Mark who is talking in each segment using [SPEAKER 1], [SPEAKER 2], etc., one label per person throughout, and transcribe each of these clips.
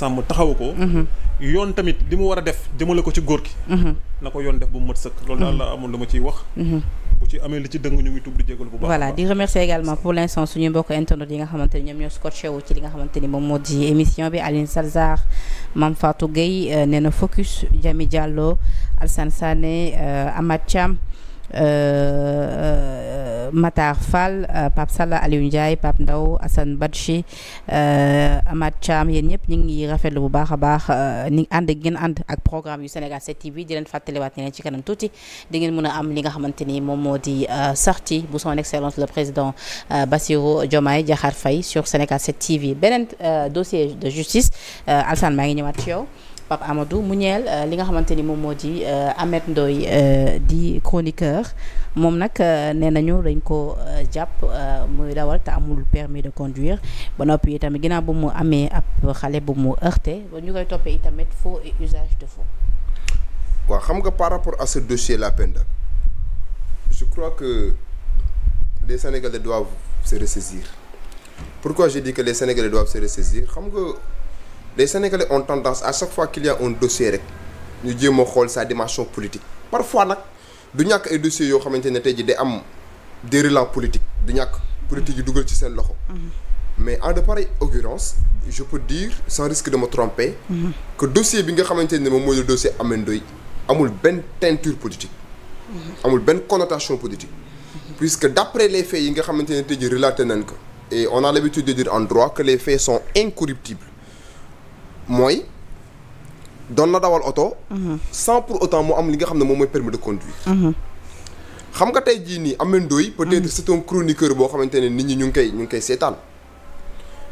[SPEAKER 1] sàmm taxawu ko mhm. yoon tamit li mu a def jëmale ko ci góor gi mhm. na ko yoon def bu mu mat sëkk loolu daal la mhm. amoon lu ma ciy wax bu ci amee li ci dëng ñu ngi tuub di jégalu bu baax voilà di
[SPEAKER 2] remercier également pour l'instant yi nga xamante ñoom ñoo scotché wu ci li nga xamante moom moo di émission bi Aline Salzar Mame Fatou Gueye euh, nee na Focus Jami Diallo Alsane Sané euh, Amath Thiam Euh, euh, Matar Fall euh, Pape Salla Aliou Ndiaye Pape Ndaw Assane Badji Amath Thiam yéen ñëpp ñu ngi rafetlu bu baax a baax ni ànd ngeen ànd ak programme yu Sénégal 7 TV di leen fàttaliwaat ne leen ci kanam tuuti di ngeen a am li nga xamante ni moom moo di sortie bu son excellence le président Bassirou Diomaye Diakhar Faye sur Sénégal 7 TV beneen dossier de justice Alsane maa ngi ñëwaat ci yow. Pape Amadou mu ñeel euh, li nga xamante ni moom moo di euh, Ahmed Ndoye euh, di chroniqueur moom nag nee nañu dañ ko jàpp muy dawal te amul permis de conduire ba noppi itamit ginnaaw ba mu amee ab xale bu mu heurté ba ñu koy toppee itamit faux et usage de faux. waaw xam nga par rapport à ce
[SPEAKER 3] dossier là Penda je crois que de Sénégalais doivent se ressaisir pourquoi je dis que les Sénégalais doivent se ressaisir xam nga. les sénégalais ont tendance à chaque fois qu'il y a un dossier rek ñu jéem a xool sa dimension politique. parfois nag du ñàkk ay dossiers yoo xamante tey jii day am déroulant politique du ñàkk politique yi dugal ci seen loxo. Mm-hmm. mais en de pareille occurrence je peux dire sans risque de me tromper. Mm-hmm. dossier bi nga xamante ne moom mooy le dossier Ameth Ndoye amul benn teinture politique. Mm-hmm. amul benn connotation politique. puisque d'après les yi nga xamante tey jii relaté a l'habitude mooy doon na dawal oto. Mhm. sans pour autant mu am li nga xam ne moom mooy permis de conduire. Mhm. xam nga tey jii nii Ameth Ndoye peut-être mhm. c'est chroniqueur boo xamante ne nit ñi ñu ngi koy ñu ngi koy seetaan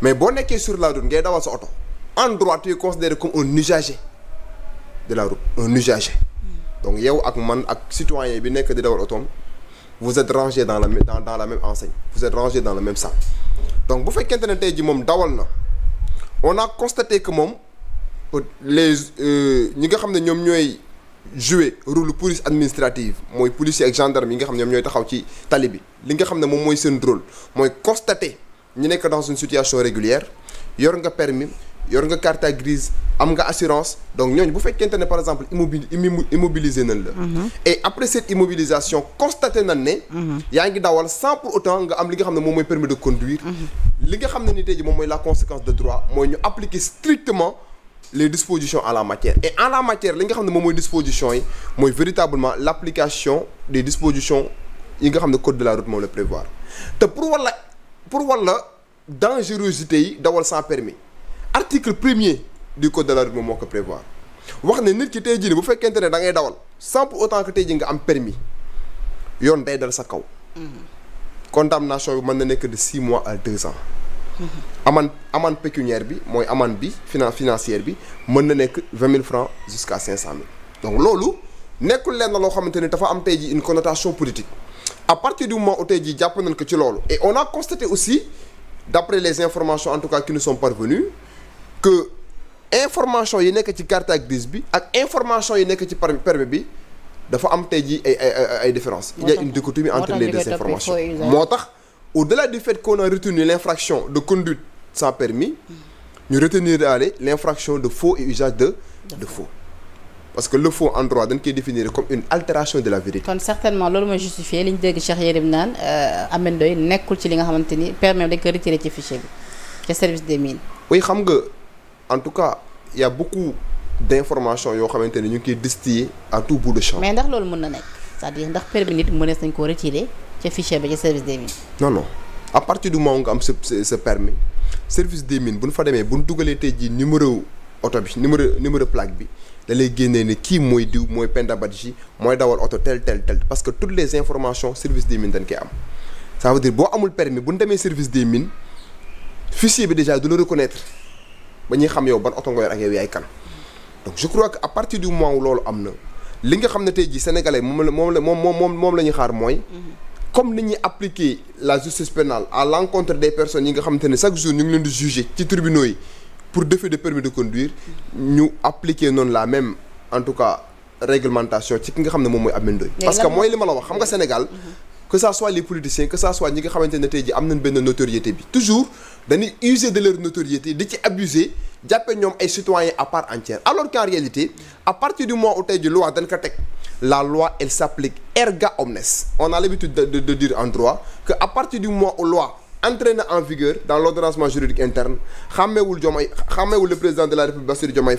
[SPEAKER 3] mais boo nekkee sur la route ngay dawal sa oto en droit tu es considéré comme un usager de la route un usager. donc yow ak man ak citoyen bi nekk di dawal otoom vous êtes rangé dans la dans dans la même enseigne vous êtes rangé dans le même sac donc bu fekkente ne tey jii moom dawal na. on naa constaté que moom les euh, ñi nga xam ne ñoom ñooy jouer rôle police administrative mooy policier ak gendarme yi nga xam ne ñoom ñooy taxaw ci tali bi li nga xam ne moom mooy seen rôle mooy constater ñu nekk dans une situation régulière yor nga permis yor nga carte grise am nga assurance donc ñooñu bu fekkente ne par exemple immobili immobilisé nañ la. Mm-hmm. et après cette immobilisation constaté nañ ne. Mm-hmm. yaa ngi dawal sans pour autant nga am li nga xam ne moom mooy permis de li nga xam ne ni tey ji moom mooy la conséquence de droit mooy ñu appliquer strictement les dispositions en la matière et en la matière li nga xam ne moom mooy dispositions yi mooy véritablement l' application des dispositions yi nga xam ne code de la route moom la prévoir te pour walla pour walla dangerosité yi dawal sans permis article premier du code de la route moom moo ko prévoir wax ne nit ki tey jii bu fekkente ne dangay dawal sans pour autant que tey nga am permis yoon day dal sa kaw. Mm-hmm. condamnation bi mën na nekk de six mois à deux ans. amende amende pécuniaire bi mooy aman bi finan financière bi mën na nekk vingt mille francs jusqu'à cinq cent mille donc loolu nekkul lenn loo xamante ni dafa am tey jii une connotation politique à partir du moment où tey jii jàpp nañ ko ci loolu. et on a constaté aussi d'après les informations en tout cas qui nous sont parvenues que information yi nekk ci carte grise bi ak information yi nekk ci permis bi. dafa am tey ji ay ay ay différence il y a une dichotomie moo tax au-delà du fait qu'on a retenu l'infraction de conduite sans permis ñu retenir daale l'infraction de faux et usage de de faux parce que le faux en droit dañ koy définir comme une altération de la vérité.
[SPEAKER 2] kon certainement loolu mooy justifié li ñu dégg Cheikh Yérim naan euh, Ameth Ndoye nekkul ci li nga xamante ni permis dañ ko retiré ci fichier bi ca service des mines.
[SPEAKER 3] oui xam nga en tout cas y a d'information yoo xamante ne ñu ngi koy distiller à tout bout de
[SPEAKER 2] mais ndax loolu mën na nekk cest à ndax permis nit mënees nañ ko retirer ca fichier ba ca service des mines.
[SPEAKER 3] non non à partir du moment nga am sa permis service de mines bu nu fa demee bu ñu dugalee tey jii numéro oto bi numéro numéro plaque bi da lay génnee ne kii mooy diw mooy Penda Badji mooy dawal oto tel tel tel parce que toutes les informations service de mines dañ koy am ça veut dire boo amul permis bu ñu demee service des mines fichier bi déjà du la ba ñuy xam yow ban oto nga yor donc je crois que à partir du moment loolu am na li nga xam ne tey jii sénégalais moom la moom la moom moom moom la ñuy xaar mooy. comme ni ñuy appliquer la justice pénale à l'encontre des personnes yi nga xamante ne chaque jour ñu ngi leen di juger ci tribunaux yi pour défaut de permis de conduire ñu appliquer noonu la même en tout cas réglementation ci ki nga xam ne moom mooy Amine parce que mooy li ma la wax xam nga Sénégal. Mhm. que ça soit les politiciens que ça soit ñi nga xamante ne tey ji am nañ benn notoriété bi toujours dañuy user de leur notoriété di ci abuser jàppee ñoom ay citoyens à part entière alors qu'en réalité à partir du moment où tey ji loi dañ ko teg la loi elle s'applique erga omnes on a l'habitude de, de, de dire en droit que à partir du moment où loi entré na en vigueur dans l'ordonnancement juridique interne xàmmeewul Diomaye xàmmeewul le président de la République Bassirou Diomaye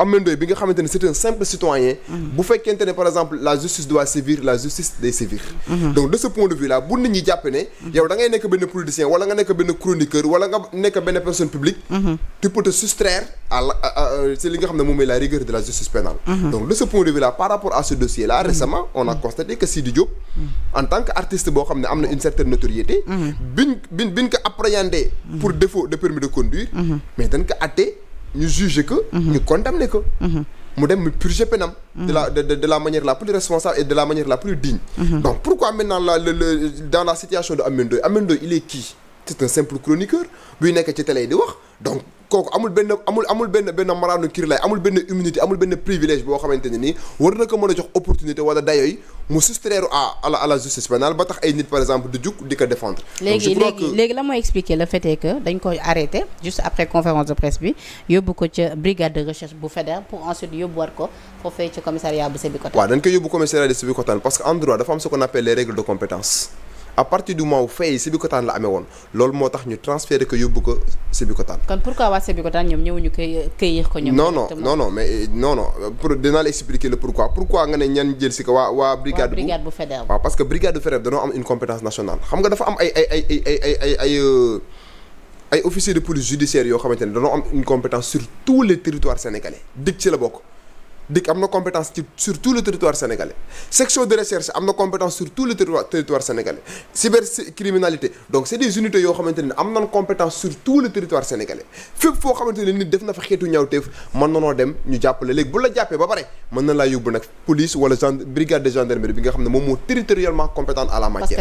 [SPEAKER 3] Ameth bi nga xamante ne c'est simple citoyen mm-hmm. bu fekkente ne par exemple la justice doit sévir la justice day sévir mm-hmm. donc de ce point de vue là bu nit ñi jàppe ne mm-hmm. yow da nekk benn politicien wala nga nekk benn chroniqueur wala nga nekk benn personne publique tu te soustraire à la euh, c'est li nga xam ne moom mooy la rigueur la justice pénale donc de ce point de vue là par rapport à ce dossier là récemment on a constaté que Sidi Diop en tant ñu juger que. Mhm. ñu condamner que. Mhm. mu dem mu purger pénam de la mhm. de, de de la manière la responsable et de la manière la plus digne. donc pourquoi maintenant la le, le dans la situation de Amindoy Amindoy il est qui. simple chroniqueur buy nekk ci télé yi di wax donc kooku amul benn amul amul benn benn maraanu kir amul benn immunité amul benn privilège boo xamante ne nii war na ko mën a jox opportunité wala dayooy mu soustraire à à la justice pénale ba tax ay nit par exemple di jug di ko léegi
[SPEAKER 2] léegi la mooy expliquer le fait est dañ ko arrêté juste après conférence de presse bi yóbbu ko ca brigade de recherche bu fédère pour ensuite yóbbu commissariat
[SPEAKER 3] de à partir du moment où fay yi la amee woon loolu moo tax ñu transféré ko yóbbu ko Sébikotane.
[SPEAKER 2] kon pourquoi waa Sébikotane ñoom ñëwuñu koy këyir ko. ñoom non non non
[SPEAKER 3] non mais non pour dinaa la expliquer le pourquoi pourquoi nga ne ñan jël si ko waa waa. brigade bu brigade bu fédéral. waaw parce que brigade bu fédéral dañoo am une compétence nationale xam nga dafa am ay ay ay ay ay ay euh, de police judiciaire yoo xamante ne dañoo am une compétence sur tous les territoires sénégalais dëkk DIC am na compétence ci sur tout le territoire sénégalais section de recherche am na compétence sur tout le territoire sénégalais cybercriminalité donc c'est des unités yoo xamante ne am nañ compétence sur tout le territoire sénégalais fépp foo xamante ne def na fa xeetu ñaawteef mën nanoo dem ñu jàppale léegi bu la jàppee ba pare mën na laa yóbbu nag police wala brigade de gendarmerie bi nga xam ne moom moo territorialement compétente à la matière.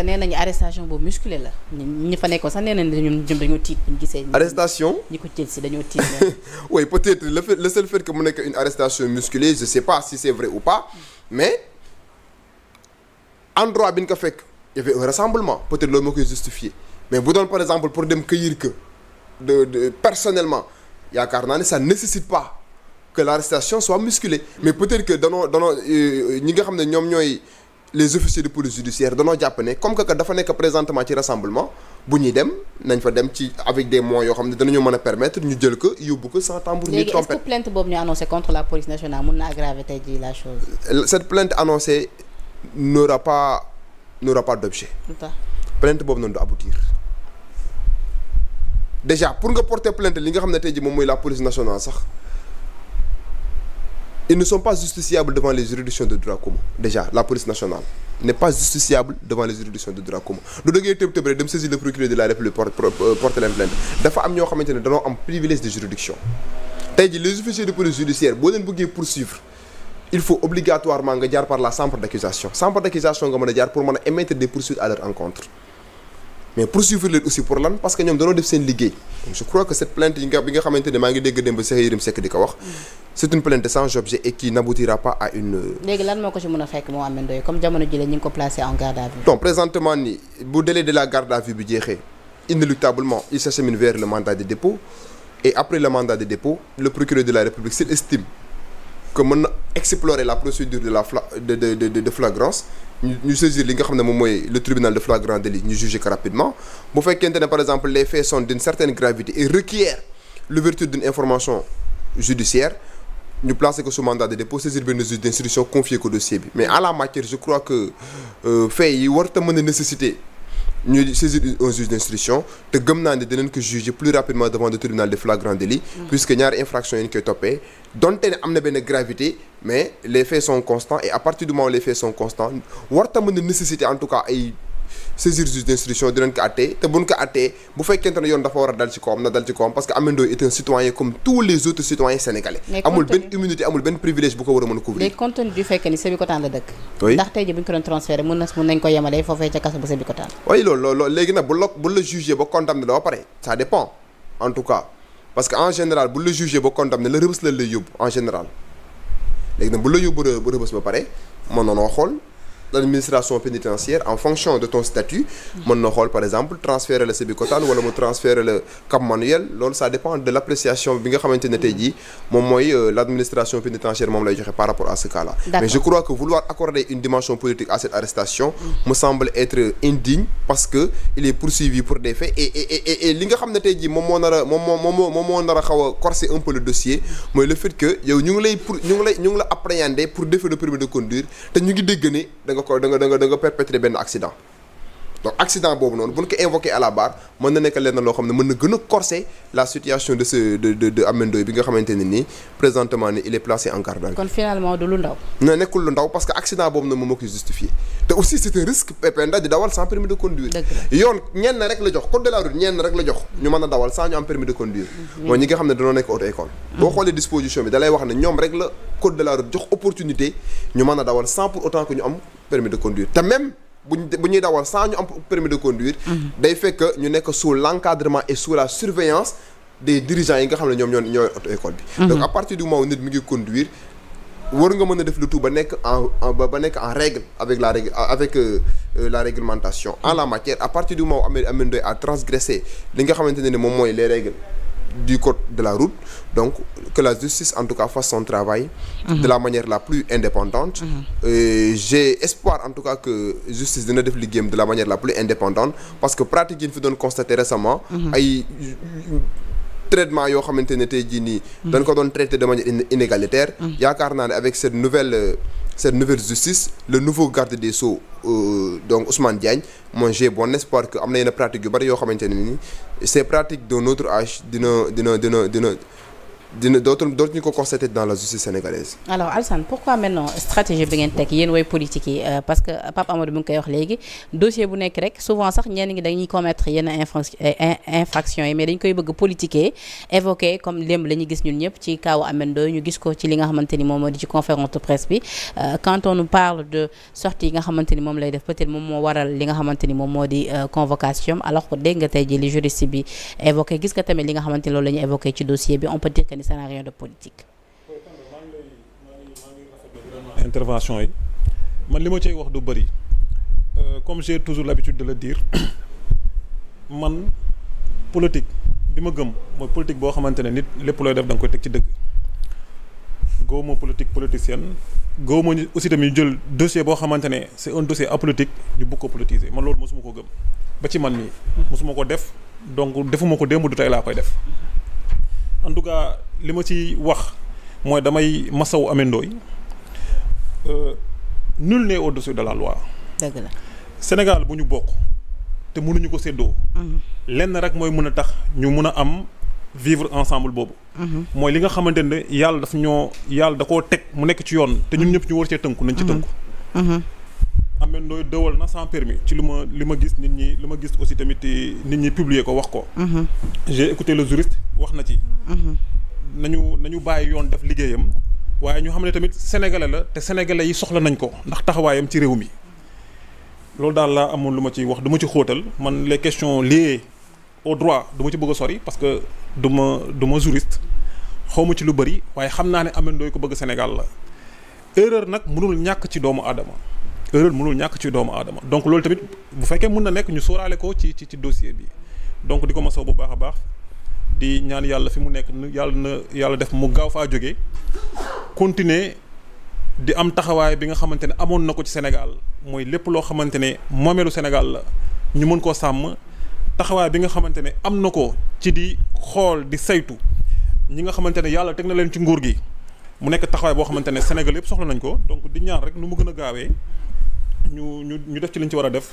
[SPEAKER 3] je sais pas si c'est vrai ou pas mais endroit bi ñu ko fekk y avait un rassemblement peut-être loolu moo koy mais bu doon par exemple pour dem cueillir que de de personnellement yaakaar naa ne ça nécessite pas que l'arrestation soit musculée mais peut-être que danoo danoo euh, ñi nga xam ne ñoom ñooy les officiers de police judiciaire danoo jàpp ne comme que dafa nekk présentement ci rassemblement bu ñuy dem nañ fa dem ci avec des moyens yoo xam ne danañu mën a permettre ñu jël ko yóbbu ko sans tambour ni trompette léegi est-ce que
[SPEAKER 2] plainte boobu ñu annoncé contre la police nationale mun na aggraver tey jii la chose.
[SPEAKER 3] cette plainte annoncée n'aura pas n'aura pas d'objet. plainte du aboutir. déjà pour nga porter plainte li nga xam ne tey jii moom mooy la police nationale sax. ils ne sont pas justiciables devant les juridictions de droit commun déjà la police nationale n'est pas justiciable devant les juridictions de droit commun du da tëb tëb rek dem saisir le procureur de la république porter leen plainte dafa am ñoo xamante ne danoo am privilège de juridiction tey ji les officiers de police judiciaire boo leen bëggee poursuivre il faut obligatoirement nga jaar par la chambre d'accusation chambre d'accusation nga mën mais poursuivre leen aussi pour lan parce que ñoom dañoo def seen liggéey je crois que cette plainte yi nga xamante ne maa ngi dégg démb Cheikh Yérim Seck di ko wax c'est une plainte sans objet et qui n'aboutira pas à une
[SPEAKER 2] léegi lan moo ko ci mën a fekk moo amee ndoy comme jamono jëlee ñi ngi ko placé en garde à vue donc
[SPEAKER 3] présentement ni bu délai de la garde à vue bi jeexee inéluctablement il s'achemine vers le mandat de dépôt et après le mandat de dépôt la République ñu saisir li nga xam ne moom mooy le tribunal de flagrant délit ñu juger ko rapidement bu fekkente ne par exemple les faits sont d'une certaine gravité et requièrent l'ouverture d'une information judiciaire ñu placer ko sous mandat de dépôt saisir benn juge d'instruction confier ko dossier bi mais à la matière je crois que euh, faits yi war a mën a nécessiter ñu saisir un juge d'instruction te gëm naa ne dinañ ko juger plus rapidement devant le tribunal de flagrant délit mm. puisque ñaari infraction yi koy toppee donte am na benn gravité mais les faits sont constants et à partir du moment les faits sont constants war ta mën nécessité en tout cas ay saisir juge d'instruction dinañ ko àttee te buñ ko àttee bu fekkente ne yoon dafa war a dal ci kawam na dal ci kawam parce que Ameth Ndoye est citoyen comme tous les autres citoyens sénégalais amul benn immunité amul benn privilège bu ko war a mën a couvrir mais
[SPEAKER 2] compte tenu du fekk ni Sébikotane la dëkk ndax tey bu ko doon transféré mën na mën nañ
[SPEAKER 3] cas parce que en général bu la jugé ba condamné la rëbës la lay yóbbu en général léegi nag bu l'administration pénitentiaire en fonction de ton statut mën na xool par exemple transférer la Sébikotane wala mu transférer la Cap Manuel loolu dépend de l'appréciation bi nga xamante ne tey jii moom mooy euh, l'administration pénitentiaire moom lay joxe par rapport à ce cas mais je crois que vouloir accorder une dimension politique à cette arrestation me semble être indigne parce que il est poursuivi pour des et li nga xam ne tey jii moom moo nga ko da nga da nga da nga perpétré benn accident donc boobu noonu bu ñu ko invoqué à mën na nekk lenn loo xam ne mën na gën a corser la situation de ce de de de Ameth bi nga xamante ne nii présentement ni il est placé en garde à
[SPEAKER 2] kon finalement du lu ndaw.
[SPEAKER 3] non nekkul lu ndaw parce que accident boobu noonu moom moo koy justifié te aussi c'est un risque pépenda di dawal sans permis de conduire. yoon ñenn rek la jox code de la route ñenn rek a dawal sans ñu am permis de conduire. Mhm. mooy ñi nga mhm. rek la jox ñu mën a dawal sans pour autant que ñu am permis bu ñu dawal sans ñu am permis de conduire. Mhm. day fekk ñu nekk sous l'encadrement et sous la surveillance des dirigeants yi nga xam ne ñoom ñoo ñooy auto école bi. Mhm. donc à partir du moment nit mi ngi conduire. war nga mën a def le tout ba nekk en ba nekk en règle avec la règle avec euh, euh la réglementation en la matière à parti du moment où Ameth Ndoye a transgressé li nga xamante ne ni moom mooy les règles du code de la route donc que la justice en tout cas fasse son travail mmh. de la manière la plus indépendante mmh. espoir en tout cas que justice dina def liggéeyam de la manière la plus indépendante parce que pratique yi ñu fi doon constaté récemment mhm. ay traitement yoo xamante ne tey nii mhm. dañ ko doon traité de manière inégalitaire mhm. yaakaar naa ne avec cette nouvelle euh, cette nouvelle justice le nouveau garde des Sceaux euh, donc Ousmane Diagne mooy j'ai bon espoir que am na yenn pratique yu bari yoo xamante ne ni ces pratique d'un autre âge dina dina dina dina dina dootul dootuñu ko constater dans la justice sénégalaise.
[SPEAKER 2] alors Alassane pourquoi maintenant stratégie bi ngeen teg yéen way politique yi euh, parce que Pape Amadou mi ngi koy wax léegi dossier bu nekk rek souvent sax ñenn ñi dañuy commettre yenn infraction yi mais dañ koy bëgg politiquer évoquer comme démb la gis ñun ñëpp ci kaw Amendo ñu gis ko ci li nga xamante ni moom moo di ci conférence de presse bi euh, quand on parle de sortie nga xamante moom lay def euh, peut ni ça n'a rien de politique.
[SPEAKER 1] intervention yi man li ma cay wax du bëri euh, comme j'ai toujours l'habitude de la dire man politique bi ma gëm mooy politique boo xamante ne nit lépp looy def da nga koy teg ci dëgg gëwuma politique politicienne gëwuma aussi tamit jël dossier boo xamante ne c'est un dossier apolitique ñu bëgg ko politiser man loolu mosuma ko gëm ba ci man nii mosuma ko def donc defuma ko démb du tey laa koy def en tout cas li ma ci wax mooy damay masawu amendooy euh, nul n'est au-dessus de la loi. dëgg la Sénégal bu ñu bokk te mënuñu ko séddoo. Mhm. lenn rek mooy mën a tax ñu mën a am vivre ensemble boobu. Mhm. mooy li nga xamante ne yàlla daf ñoo yàlla da koo teg mu nekk ci yoon. te ñun ñëpp ñu war cee tënku nañ ci mhm. tënku. Ameth Ndoye dëwal na sans permis ci lu ma li ma gis nit ñi lu ma gis aussi tamit nit ñi publier ko wax ko. Mhm. j'ai écouté le juriste wax na ci. Mhm. nañu nañu bàyyi yoon def liggéeyam waaye ñu xam ne tamit sénégalais la te sénégalais yi soxla nañ ko ndax taxawaayam ci réew mi. loolu daal la amoon lu ma ci wax du ma ci xóotal man le question liées au droit du ma ci bëgg sori parce que du ma du ma juriste xaw ma ci lu bëri waaye xam naa ne Ameth ko bëgg Sénégal la erreur nag mënul ñàkk ci doomu aadama. erreur mënul ñàkk ci doomu aadama donc loolu tamit bu fekkee mën na nekk ñu sooraale ko ci ci ci dossier bi donc di ko masaw bu baax a baax di ñaan yàlla fi mu nekk yàlla na yàlla def mu gaaw faa jógee continuer di am taxawaay bi nga xamante ne amoon na ko ci Sénégal mooy lépp loo xamante ne moomeelu Sénégal ñu mën koo sàmm taxawaay bi nga xamante ne am na ko ci di xool di saytu ñi nga xamante ne yàlla teg na leen ci nguur gi mu nekk taxawaay boo xamante ne Sénégal yëpp soxla nañ ko donc di ñaan rek nu mu gën a gaawee ñu ñu ñu def ci liñ ci war a def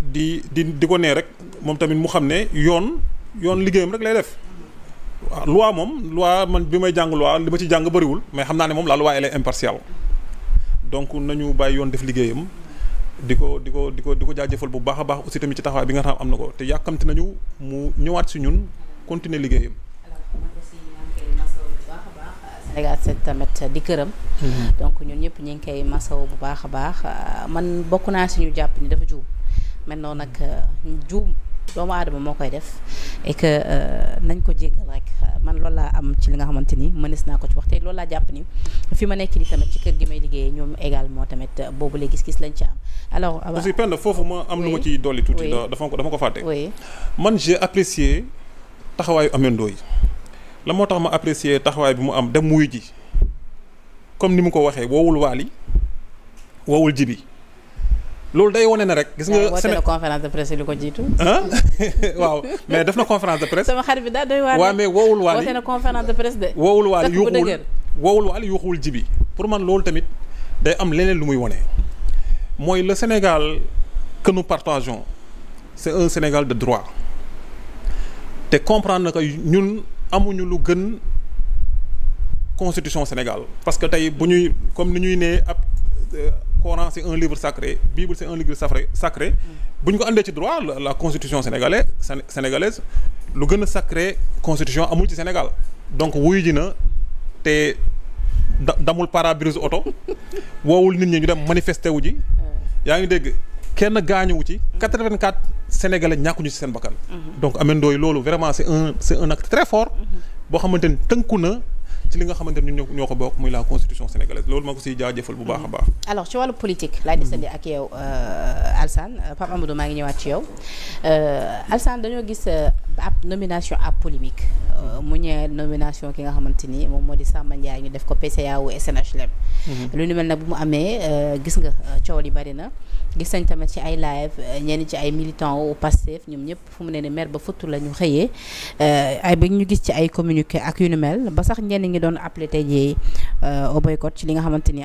[SPEAKER 1] di di di ko nee rek moom tamit mu xam ne yoon yoon liggéeyam rek lay def waaw loi moom loi man bi may jàng loi li ma ci jàng bariwul mais xam naa ne moom la loi elle est impartiale donc nañu bàyyi yoon def liggéeyam di ko di ko di ko di ko jaajëfal bu baax a baax aussi tamit ci taxawaay bi nga xam am na ko te yàkkamti nañu mu ñëwaat si ñun continuer liggéeyam
[SPEAKER 2] Sénégal set tamit di këram. Mm-hmm. donc ñun ñëpp ñu ngi koy masawu bu baax a baax euh, man bokk naa si ñu jàpp ni dafa juum mel noonu nag euh, juum doomu aadama moo koy def et que euh, ko jéggal rek man loolu laa am ci li nga xamante ni mënees naa ko ci wax te lool laa jàpp ni fi ma nekk nii tamit ci kër gi may liggéeyee ñoom également tamit boobu la gis-gis lañ ci am alors. Abba aussi
[SPEAKER 1] Penda foofu ma am lu ma ciy dolli tuuti. dafa ko dama ko fàtte. man j'ai apprécié taxawaayu amendoo yi. la moo tax ma apprécier taxawaay bi mu am dem muy ji comme ni mu ko waxee woowul Waly woowul Jibi loolu day wane ne rek. gis nga semaine woote na conférence de waaw mais def na conférence de presse. sama xarit bi daa doy waar waaw mais woowul Waly woote na
[SPEAKER 2] woowul Waly yuuxuwul
[SPEAKER 1] woowul Waly yuuxuwul Jibi pour man loolu tamit day am leneen lu muy wone mooy le Sénégal que nous partageons c'est un Sénégal de droit te comprendre na que ñun. amuñu lu gën constitution Sénégal parce que tey bu ñuy comme ni ñuy nee ab euh, Coran c'est un livre sacré Bible c'est un livre sacré sacré mm. bu ñu ko àndee ci droit la constitution sénégalaise sénégalaise lu gën a sacré constitution amul ci Sénégal donc wuyu ji na te damul pare oto wowul nit ñi ñu dem manifester wu ji yaa ngi dégg kenn gaañuwu ci mm. quatre-vingt-quatre sénégalais ñàkkuñu ci seen bakkan donc Ameth Ndoye loolu vraiment c'est un c'est un acte très fort boo xamante ni ci li nga xamante ni ñoo ko bokk muy la constitution sénégalaise loolu maa ko siy jaajëfal bu baax a baax. Mm-hmm.
[SPEAKER 2] alors ci wàllu politique. laay desandi ak yow euh, Alsane euh, Pape Amadou maa ngi ñëwaat ci yow euh, Alsane dañoo gis. ab nomination ab polémique mm-hmm. euh, mu ñëwee nomination ki nga xamante ni moom moo di Samba Ndiaye ñu def ko PCA wu SNHLM e mm-hmm. lu ni mel nag bu mu amee euh, gis nga euh, coow yi bari na gis nañ tamit ci ay live ñenn ci ay militants wu Pastef ñoom ñëpp fu mu ne ni mer ba futtu la ñu xëyee ay bi ñu gis ci ay communiqué ak yu ni mel ba sax ñenn ngi doon appelé tey jii au ci li nga xamante